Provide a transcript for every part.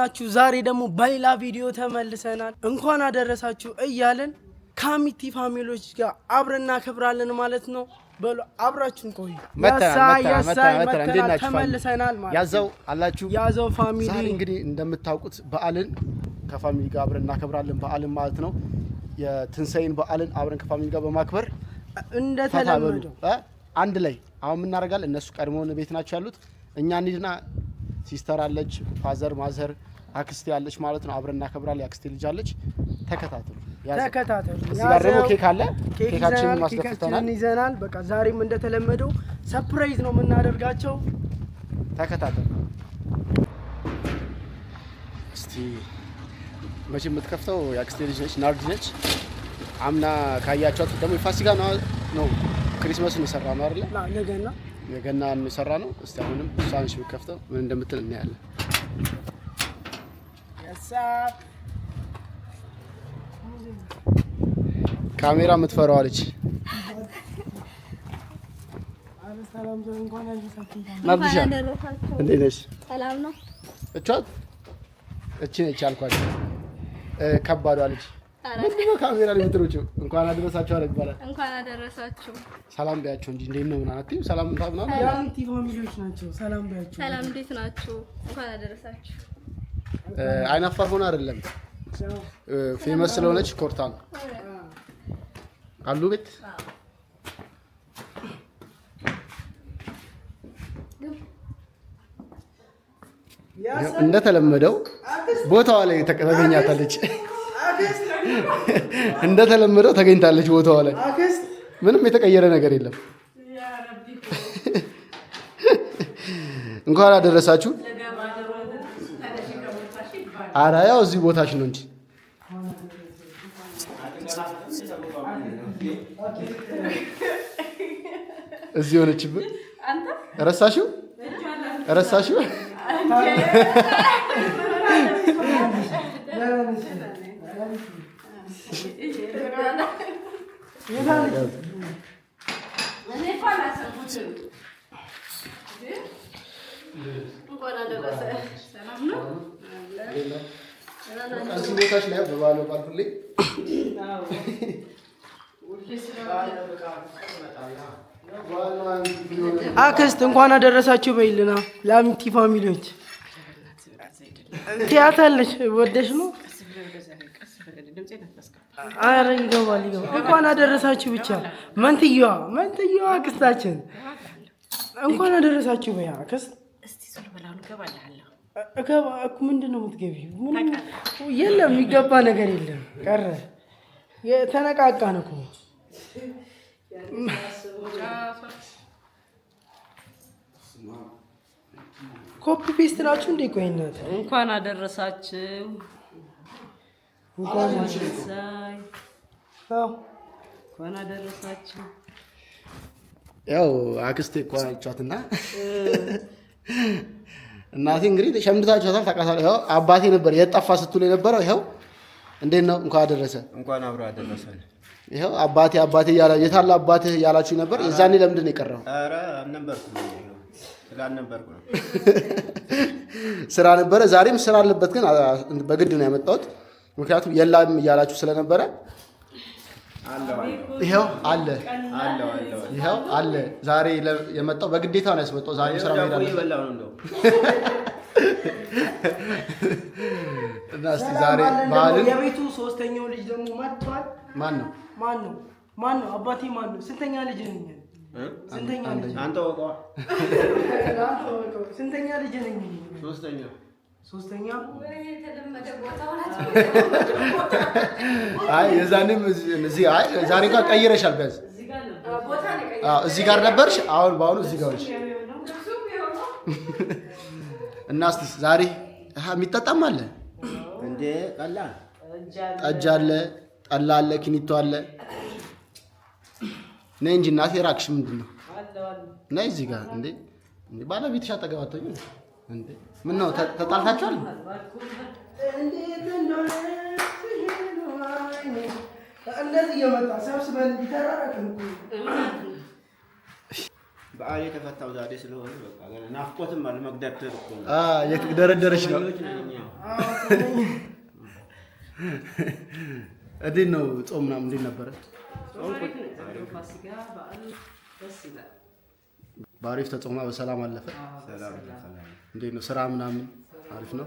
ናችሁ? ዛሬ ደግሞ በሌላ ቪዲዮ ተመልሰናል። እንኳን አደረሳችሁ እያለን ከሚቲ ፋሚሊዎች ጋር አብረን እናከብራለን ማለት ነው። በሉ አብራችሁን ቆዩ። ተመልሰናል ማለት ያዘው አላችሁ ያዘው ፋሚሊ። ዛሬ እንግዲህ እንደምታውቁት በዓልን ከፋሚሊ ጋር አብረን እናከብራለን። በዓልን ማለት ነው የትንሳኤን በዓልን አብረን ከፋሚሊ ጋር በማክበር እንደተለመደው አንድ ላይ አሁን የምናደርጋል። እነሱ ቀድሞውን ቤት ናቸው ያሉት እኛ እንሂድና ሲስተር አለች፣ ፋዘር ማዘር፣ አክስቴ አለች ማለት ነው። አብረን እናከብራለን። የአክስቴ ልጅ አለች። ተከታተሉ ተከታተሉ። ኬክ አለ። ማስደፍተናል ይዘናል። በቃ ዛሬም እንደተለመደው ሰፕራይዝ ነው የምናደርጋቸው። ተከታተሉ እስቲ። መቼ የምትከፍተው የአክስቴ ልጅ ነች፣ ናርድ ነች። አምና ካያቸዋት ደግሞ የፋሲካ ነው ክሪስማስ ነው የሰራ ነው አይደለ? የገና የሰራ ነው። እስቲ አሁንም እሷን ሺው ከፍተው ምን እንደምትል እናያለን። ካሜራ የምትፈራዋለች። እንዴት ነሽ? እቿት እቺ ነች አልኳት ከባዷ ልጅ ምንድነው ካሜራ ላይ እንኳን አደረሳችሁ አለ ይባላል። እንኳን አደረሳችሁ ሰላም ቢያቸው እንጂ እንዴት ነው ምናምን አትይም። ሰላም ታብ ነው ያንቲ ፋሚሊዎች ናቸው። ሰላም ቢያቸው ሰላም እንዴት ናችሁ? እንኳን አደረሳችሁ። አይናፋር ሆነ አይደለም ፌመስ ስለሆነች ኮርታ ነው አሉ ቤት እንደተለመደው ቦታዋ ላይ ተቀበኛታለች። እንደተለመደው ተገኝታለች ቦታዋ ላይ። ምንም የተቀየረ ነገር የለም። እንኳን አደረሳችሁ። ኧረ ያው እዚህ ቦታሽ ነው እንጂ እዚህ የሆነችብን ረሳሽው ረሳሽው ቦታች ላይ በባለ ባልኩልኝ አክስት እንኳን አደረሳችሁ በይልና ለአሚቲ ፋሚሊዎች ትያታለች ወደሽ ነው አረ ይገባል ይገባል። እንኳን አደረሳችሁ ብቻ መንትዮዋ መንትዮዋ አክስታችን እንኳን አደረሳችሁ። በያ አክስት እገባ እኮ ምንድን ነው የምትገቢው? የለም የሚገባ ነገር የለም። ቀረ ተነቃቃን እኮ ኮፒ ፔስት ናችሁ እንዴ? ቆይ እንኳን አደረሳችሁ እንኳን እንኳን አደረሳችሁ። ያው አክስቴ እኮ አይቻትና እናቴ እንግዲህ ሸምድታችኋታል፣ ታውቃታለህ። ይኸው አባቴ ነበር የጠፋ ስትሉ የነበረው ይኸው እንዴት ነው? እንኳን አደረሰ እንኳን አብሮ አደረሰ። ይኸው አባቴ አባቴ እያለ የታለ አባትህ እያላችሁ ነበር። የዛኔ ለምንድን ነው የቀረው? ስራ ነበረ። ዛሬም ስራ አለበት፣ ግን በግድ ነው ያመጣሁት። ምክንያቱም የላም እያላችሁ ስለነበረ ይኸው አለ ይኸው አለ። ዛሬ የመጣው በግዴታ ነው ያስመጣው። ዛሬ ስራ ሄዳ እና እስኪ ዛሬ ባህልን የቤቱ ሶስተኛው ልጅ ደግሞ መጥቷል። ማን ነው? ማን ነው? ማን ነው? አባቴ ማን ነው? ስንተኛ ልጅ ነኝ? ስንተኛ ልጅ አንተ ወቀዋ ስንተኛ ልጅ ነኝ? ሶስተኛ ሶስተኛ አይ የዛኔም እዚህ አይ ዛሬ ጋር ቀይረሻል። በዝ እዚህ ጋር ነበርሽ፣ አሁን በአሁኑ እዚህ ጋር ነሽ። እና እስኪ ዛሬ የሚጠጣም አለ እንደ ጠላ ጠጅ አለ፣ ጠላ አለ፣ ኪኒቶ አለ። ነይ እንጂ እናቴ፣ እራቅሽ ምንድን ነው? ነይ እዚህ ጋር እንዴ! ባለቤትሽ አጠገብ አትተኝም? ምን ነው ተጣልታችኋል? እንደዚህ እየመጣ ሰብስበን እንዲተራረቅን በዓል የተፈታው ዛሬ ስለሆነ ናፍቆትም አለ። መግደርደር የደረደረች ነው። እንዴት ነው ጾም ምናምን እንዴት ነበረ? በአሪፍ ተጾማ በሰላም አለፈ። እንዴት ነው ስራ ምናምን አሪፍ ነው?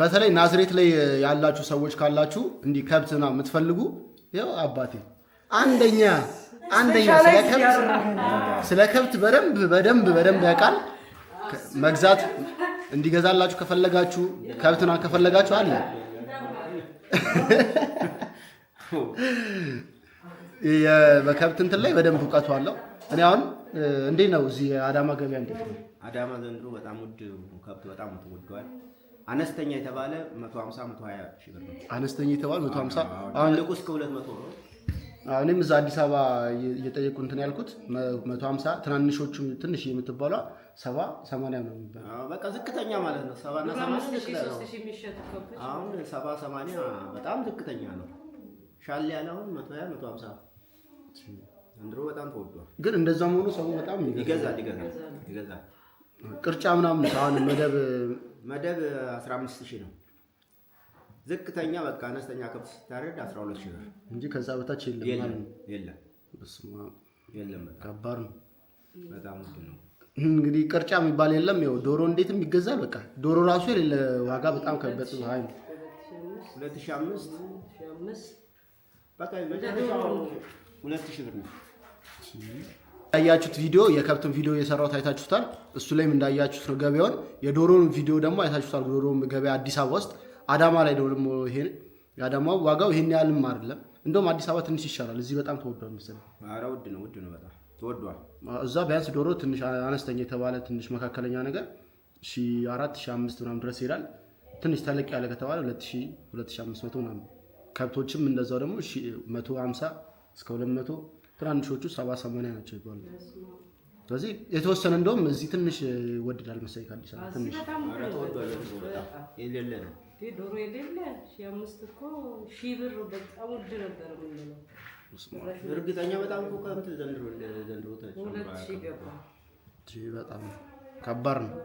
በተለይ ናዝሬት ላይ ያላችሁ ሰዎች ካላችሁ እንዲህ ከብት ነው የምትፈልጉ ያው አባቴ አንደኛ አንደኛ ስለ ከብት በደንብ በደንብ በደንብ ያውቃል። መግዛት እንዲገዛላችሁ ከፈለጋችሁ ከብትና ከፈለጋችሁ አለ በከብት እንትን ላይ በደንብ እውቀቱ አለው። እኔ አሁን እንዴት ነው እዚህ አዳማ ገበያ እንዴት ነው? አዳማ ዘንድሮ በጣም ውድ ከብት በጣም ተወዷል። አነስተኛ የተባለ 150 120 ሺህ ብር ነው። አነስተኛ የተባለ 150 አሁን ልቁ እስከ 200 ነው። እኔም እዛ አዲስ አበባ እየጠየቁ እንትን ያልኩት 150 ትናንሾቹ ትንሽ የምትባሏ ሰባ 80 ነው የሚባለው። በቃ ዝቅተኛ ማለት ነው። 70 እና በጣም ዝቅተኛ ነው። ሻል ያለ አሁን መቶ 150 መቶ በጣም ተወዷል። ግን እንደዛም ሆኖ ሰው በጣም ይገዛል ይገዛል ይገዛል። ቅርጫ ምናምን አሁን መደብ መደብ 15000 ነው። ዝቅተኛ በቃ አነስተኛ ከብት ስታረድ 12000 ብር እንጂ ከዛ በታች የለም ማለት ነው። የለም በስማ የለም። በጣም ከባድ ነው። በጣም ውድ ነው። እንግዲህ ቅርጫ የሚባል የለም። ያው ዶሮ እንዴትም ይገዛል። በቃ ዶሮ ራሱ የሌለ ዋጋ በጣም ከበጽ ነው። 2005 በቃ ሁለት ሺህ ብር ነው። ቪዲዮ የከብትን ቪዲዮ የሰራሁት አይታችሁታል። እሱ ላይም እንዳያችሁት ነው ገበያውን። የዶሮን ቪዲዮ ደግሞ አይታችሁታል። ዶሮ ገበያ አዲስ አበባ ውስጥ አዳማ ላይ ደግሞ ይሄን የአዳማው ዋጋው ይሄን ያህልም አይደለም። እንደውም አዲስ አበባ ትንሽ ይሻላል። እዚህ በጣም ተወዷል መሰለኝ። ኧረ ውድ ነው፣ ውድ ነው በጣም ተወዷል። እዛ ቢያንስ ዶሮ ትንሽ አነስተኛ የተባለ ትንሽ መካከለኛ ነገር ሺህ አራት ሺህ አምስት ምናምን ድረስ ይሄዳል። ትንሽ ተለቅ ያለ ከተባለ ሁለት ሺህ ሁለት ሺህ አምስት መቶ ምናምን ከብቶችም እንደዛው ደግሞ መቶ እስከ 200 መቶ ትናንሾቹ ሰባ ሰማንያ ናቸው ይባሉ። ስለዚህ የተወሰነ እንደውም እዚህ ትንሽ ይወድዳል መሰለኝ ከአዲስ አበባ ትንሽ የሌለ ነው ዶሮ የሌለ አምስት እኮ ብር በጣም ውድ ነበር እርግጠኛ በጣም እኮ ከብት ዘንድሮ ዘንድሮ ሁለት ገባ። በጣም ከባድ ነው።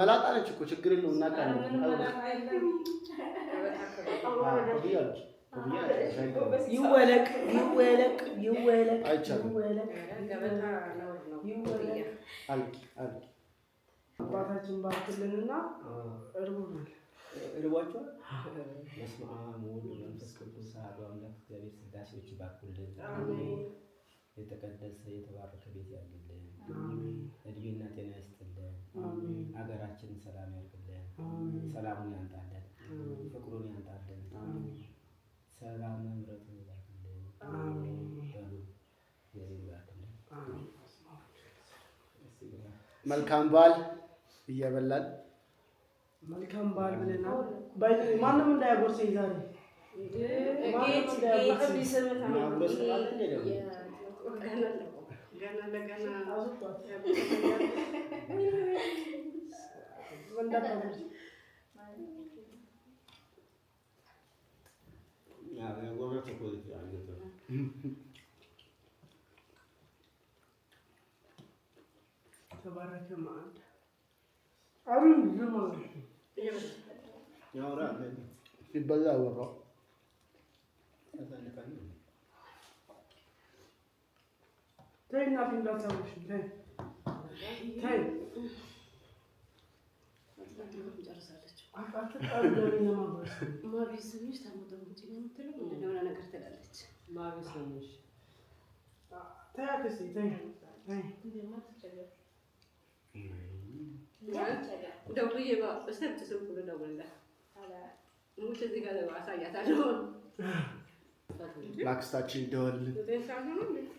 መላጣ ነች እኮ ችግር የለውም። ይወለቅ ይወለቅ ይወለቅ አባታችን ባክልንና እርቦናል። እርቧቸዋል። በስመ አብ ወወልድ ወመንፈስ ቅዱስ አሐዱ አምላክ እግዚአብሔር። ስላሴዎች ባርኩልን። የተቀደሰ የተባረከ ቤት ያድርግልን። እድሜና ጤና ያድርግልን። ሀገራችንን ሰላም ያድርግልን። ሰላሙን ያምጣልን፣ ፍቅሩን ያምጣልን። ሰላም ምሕረቱ ይላክልን። መልካም በዓል እየበላል መልካም በዓል ብለናል። ማንም እንዳያጎርሰኝ ዛሬ ማንም እንዳያጎርሰኝ ገና ለገና ተባረከ መዓልት አሩን ዝማ ያውራ ይበላ ወራ Ten yapayım da sana şimdi. Ten. Ten. አቃጥታ እንደምን ማማሽ ማሪ ስምሽ ታሞተው እንጂ ነው የምትለው እንደሆነ ነገር ትላለች። ማሪ ስምሽ ታያክስ ታይ ታይ ደውዬ በስልክ ስልክ ብሎ ደውልላት ሙች እዚህ ጋር አሳያታለሁ ላክስታችን ደወልን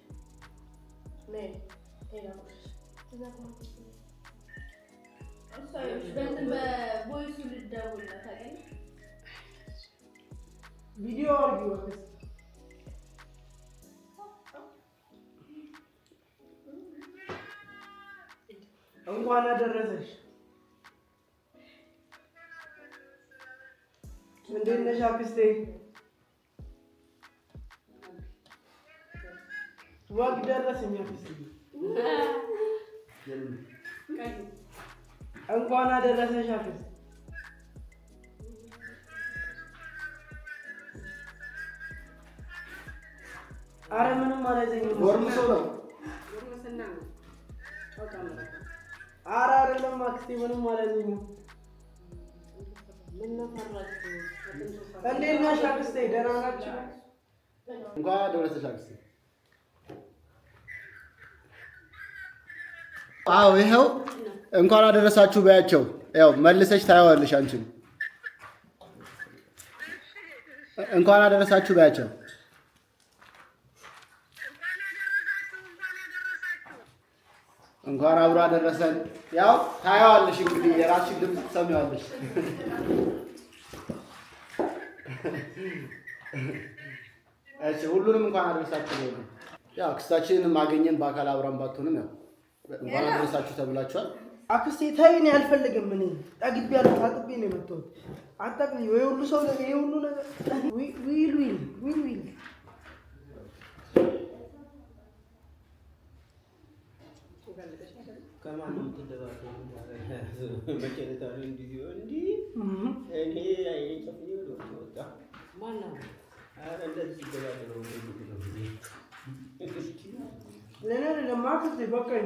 ምን ቪዲዮ እንኳን አደረሰሽ። እንዴት ነሽ አክስቴ? ወግ ደረስ የሚያፈስ እንኳን አደረሰሽ አፈስ አረ ምንም አላዘኝም። ጎርምሶ ነው አረ አይደለም አክስቴ ምንም አላዘኝም። እንዴት ነሽ አክስቴ? ደህና ናችሁ? እንኳን ደረሰሽ አክስቴ አዎ ይኸው እንኳን አደረሳችሁ በያቸው። ያው መልሰች ታየዋለሽ። አንቺም እንኳን አደረሳችሁ በያቸው። እንኳን አብሮ አደረሰን። ያው ታየዋለሽ እንግዲህ የራስሽን ድምፅ ትሰሚዋለሽ። እሺ ሁሉንም እንኳን አደረሳችሁ። ያው ክስታችንን ማገኘን በአካል አብራን ባትሆንም ያው እንኳን አደረሳችሁ ተብላችኋል። አክስቴ ታይን አልፈልግም። ምን ጠግቤ ያለ ታጥቤ ነው የመጣሁት። አጠቅኝ ወይ ሁሉ ሰው ነገር ይሄ ሁሉ ነገር ዊል ዊል ዊል ዊል ከማንም እንዲህ ሲሆን እንዲህ እኔ በቃኝ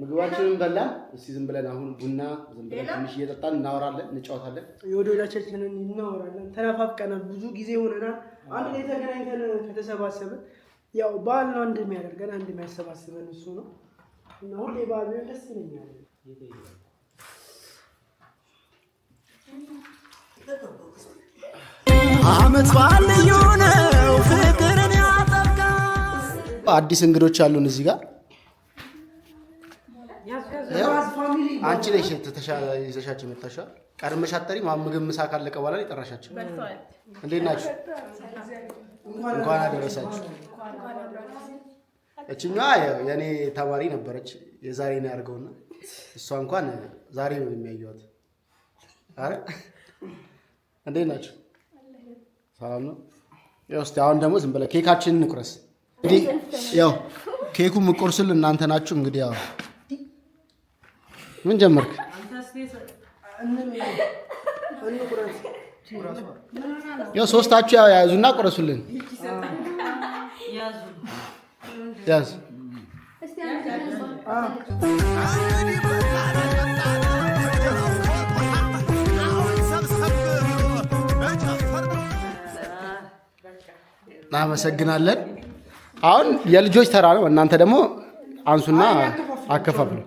ምግባችንን በላን። እስቲ ዝም ብለን አሁን ቡና ዝም ብለን ትንሽ እየጠጣን እናወራለን፣ እንጫወታለን፣ የወደዳችንን እናወራለን። ተነፋፍቀናል፣ ብዙ ጊዜ ሆነናል። አንድ ላይ ተገናኝተን ከተሰባሰብን ያው በዓል ነው አንድ የሚያደርገን አንድ የሚያሰባስበን እሱ ነው እና ሁሌ በዓል ደስ ይለኛል። አመት በዓል ልዩ ነው። አዲስ እንግዶች አሉን እዚህ ጋር አንቺ ነሽ ይዘሻቸው የመታሻ ቀድመሽ አጠሪ ምግብ ምሳ ካለቀ በኋላ የጠራሻቸው። እንዴት ናችሁ? እንኳን አደረሳችሁ። እችኛዋ የእኔ ተማሪ ነበረች። የዛሬ ነው ያደርገውና እሷ እንኳን ዛሬ ነው የሚያየዋት። አረ እንዴት ናችሁ? ሰላም ነው። እስኪ አሁን ደግሞ ዝም ብለህ ኬካችንን እንቁረስ። እንግዲህ ያው ኬኩ ምቆርስል እናንተ ናችሁ። እንግዲህ ያው ምን ጀመርክ? ያው ሶስታችሁ ያው ያዙና ቁረሱልን ያዙ እናመሰግናለን። አሁን የልጆች ተራ ነው። እናንተ ደግሞ አንሱና አከፋፍሉ።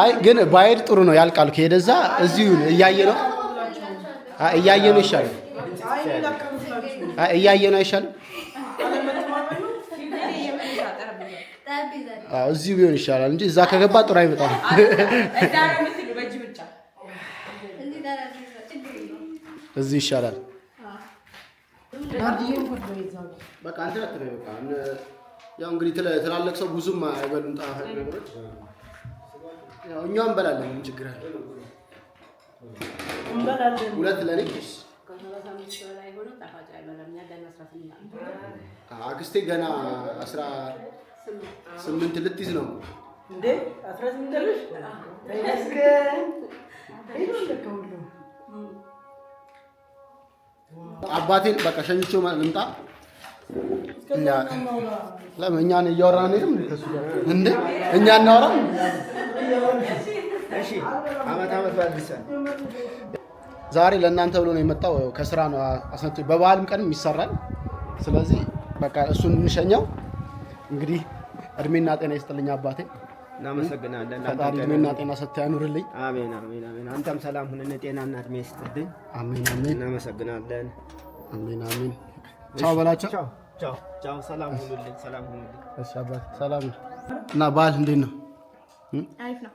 አይ ግን ባይድ ጥሩ ነው ያልቃሉ ከሄደዛ እዚሁ እያየ ነው እያየ ነው ይሻላል። እያየ ነው አይሻልም? እዚሁ ቢሆን ይሻላል እንጂ እዛ ከገባ ጥሩ አይመጣም። እዚሁ ይሻላል። በቃ እንትን አትበይ። በቃ ያው እንግዲህ ትላልቅ ሰው ብዙም አይበሉም ጣፋጭ ነገሮች። ያው እኛው እንበላለን፣ ምን ችግር አለ? እንበላለን። ሁለት ለኔ አክስቴ ገና አስራ ስምንት ልትይዝ ነው እንዴ? አስራ ስምንት አባቴን በቃ ሸኝቼው ልምጣ። ለምን እኛን እያወራን ነው? እንደ እኛ እናወራ። ዛሬ ለእናንተ ብሎ ነው የመጣው። ከስራ ነው አስነት በበዓልም ቀንም ይሰራል። ስለዚህ በቃ እሱን እንሸኘው። እንግዲህ እድሜና ጤና ይስጥልኝ አባቴ። እናመሰግናለን። ፈጣሪ እድሜና ጤና ሰጥቶ ያኑርልኝ። አሜን አሜን አሜን። አንተም ሰላም ሁን፣ ጤናና እድሜ ይስጥልኝ። አሜን አሜን። እናመሰግናለን። አሜን አሜን። ቻው በላቸው። ቻው ቻው። ሰላም ሁኑልኝ፣ ሰላም ሁኑልኝ። እሺ አባት ሰላም እና በዓል እንዴት ነው? አሪፍ ነው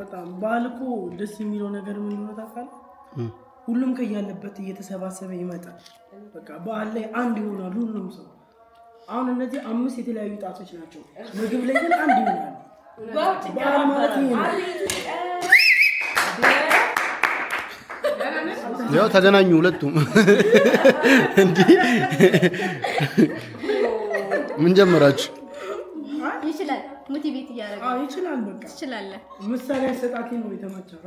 በጣም በዓል እኮ ደስ የሚለው ነገር ምን ሆነ ታውቃለህ? ሁሉም ከያለበት እየተሰባሰበ ይመጣል። በቃ በዓል ላይ አንድ ይሆናል ሁሉም ሰው አሁን እነዚህ አምስት የተለያዩ ጣቶች ናቸው። ምግብ ላይ ግን አንድ ይሆናሉ። በዓል ማለት ያው ተገናኙ ሁለቱም። እንዲህ ምን ጀመራችሁ? ይችላል ሞቲቬት እያደረገ ይችላል። በቃ ትችላለህ። ምሳሌ አሰጣቴ ነው የተመቸራ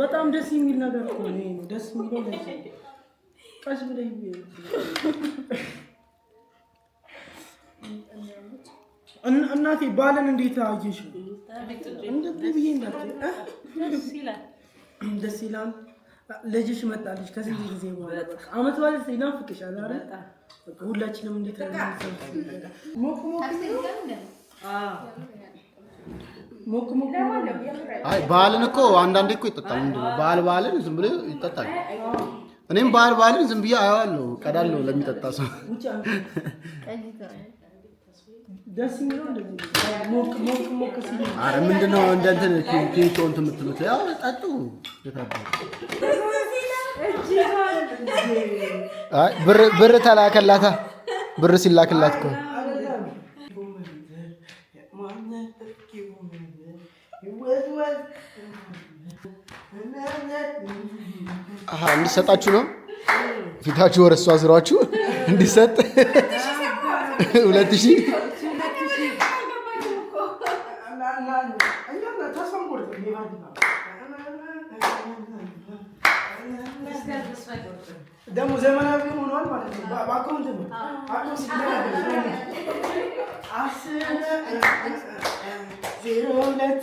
በጣም ደስ የሚል ነገር ደስ የሚለው እናቴ ባልን እንዴት አየሽ? ደስ ይላል። ልጅሽ መጣልሽ ከስንት ጊዜ በኋላ አመት ባለ ይናፍቅሻል። ሁላችንም እንዴት በዓልን እኮ አንዳንዴ እኮ ይጠጣል። በዓል በዓልን ዝም ብሎ ይጠጣል። እኔም ባህል ባህልን ዝም ብዬ አየዋለሁ፣ ቀዳለሁ ለሚጠጣ ሰው። ኧረ ምንድን ነው እንደ እንትን ኬንጮ የምትሉት? ያው ጠጡ። ብር ተላከላታ። ብር ሲላክላት እኮ እንዲሰጣችሁ ነው። ፊታችሁ ወደ እሷ አዝሯችሁ እንዲሰጥ ሁለት ሺህ ደግሞ ዘመናዊ ሆኗል ማለት ነው። በአካውንት ነው ዜሮ ሁለት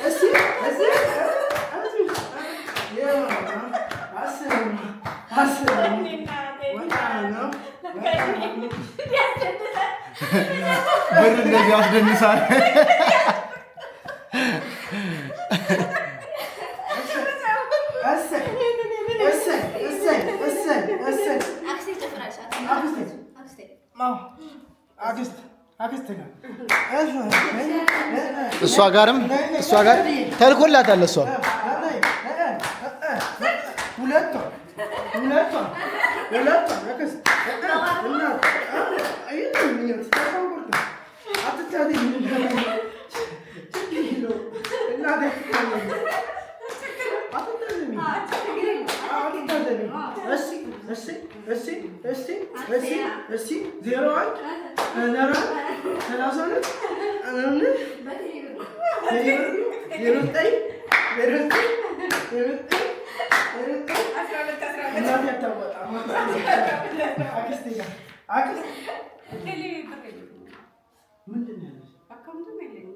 ብር እንደዚህ አስደንሳል። እሷ ጋርም እሷ ጋር ተልኮላታል። እሷ ሁለቷ ሁለቷ ምንድን ነው ያለችው? አካውንቱም የለኝም።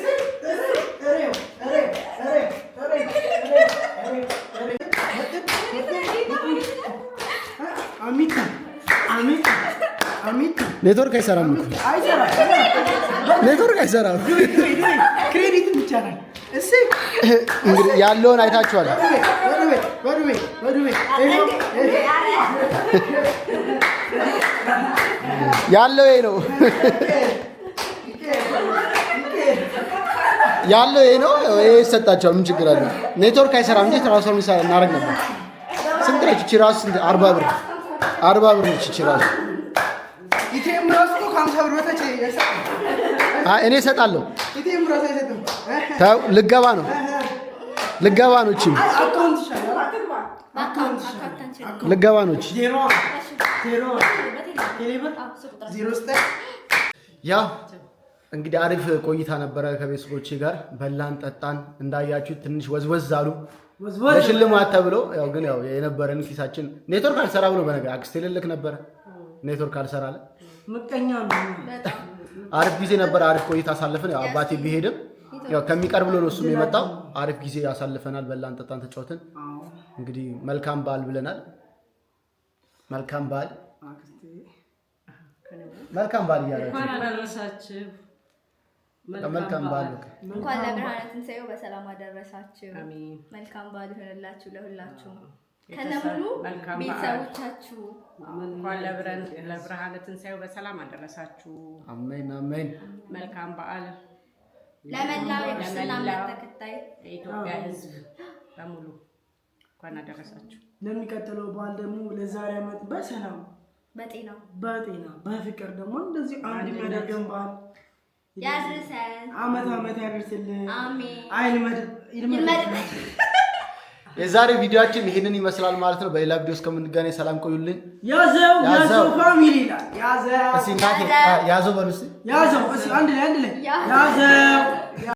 ኔትወርክ አይሰራም እኮ ኔትወርክ አይሰራም። እንግዲህ ያለውን አይታችኋል። ያለው ይሄ ነው ያለው ይሄ ነው። ይሄ ይሰጣቸዋል። ምን ችግር አለ? ኔትወርክ አይሰራም። እንዴት ራሷን እናደርግ ነበር? ስንት ነች እቺ ራሱ? አርባ ብር አርባ ብር ነች እቺ ራሱ እኔ እሰጣለሁ። ልገባ ነው ልገባ ነው ልገባ ነው ያ እንግዲህ አሪፍ ቆይታ ነበረ ከቤተሰቦቼ ጋር በላን ጠጣን። እንዳያችሁ ትንሽ ወዝወዝ አሉ ለሽልማት ተብሎ ያው ግን ያው የነበረን ኪሳችን ኔትወርክ አልሰራ ብሎ በነገር አክስቴ ልልክ ነበረ ኔትወርክ አልሰራ አለ ምቀኛ አሪፍ ጊዜ ነበር። አሪፍ ቆይታ አሳልፈን ያው አባቴ ቢሄድም ያው ከሚቀርብ ነው እሱም የመጣው። አሪፍ ጊዜ አሳልፈናል። በላን፣ ጠጣን፣ ተጫወትን። እንግዲህ መልካም በዓል ብለናል። መልካም በዓል መልካም በዓል እያላችሁ መልካም በዓል እንኳን ለብርሃነ ትንሣኤው በሰላም አደረሳችሁ። መልካም በዓል ይሆንላችሁ ለሁላችሁ። ከነሙሉ ቤተሰቦቻችሁ እንኳን ለብረን ለብርሃነ ትንሣኤው በሰላም አደረሳችሁ። አሜን አሜን። መልካም በዓል ለመላው የክርስትና ተከታይ የኢትዮጵያ ሕዝብ በሙሉ እንኳን አደረሳችሁ። ለሚቀጥለው በዓል ደግሞ ለዛሬ ዓመት በሰላም በጤና በጤና በፍቅር ደግሞ እንደዚህ አንድ የሚያደርገን በዓል ያድርሰን። አመት አመት ያደርስልን። አሜን አይልመድ ይልመድ የዛሬ ቪዲዮችን ይህንን ይመስላል ማለት ነው። በሌላ ቪዲዮ እስከምንገናኝ ሰላም ቆዩልኝ። ያዘው ያዘው ፋሚሊ ይላል። ያዘው ያዘው በሉ ያዘው እስኪ አንድ ላይ አንድ ላይ ያዘው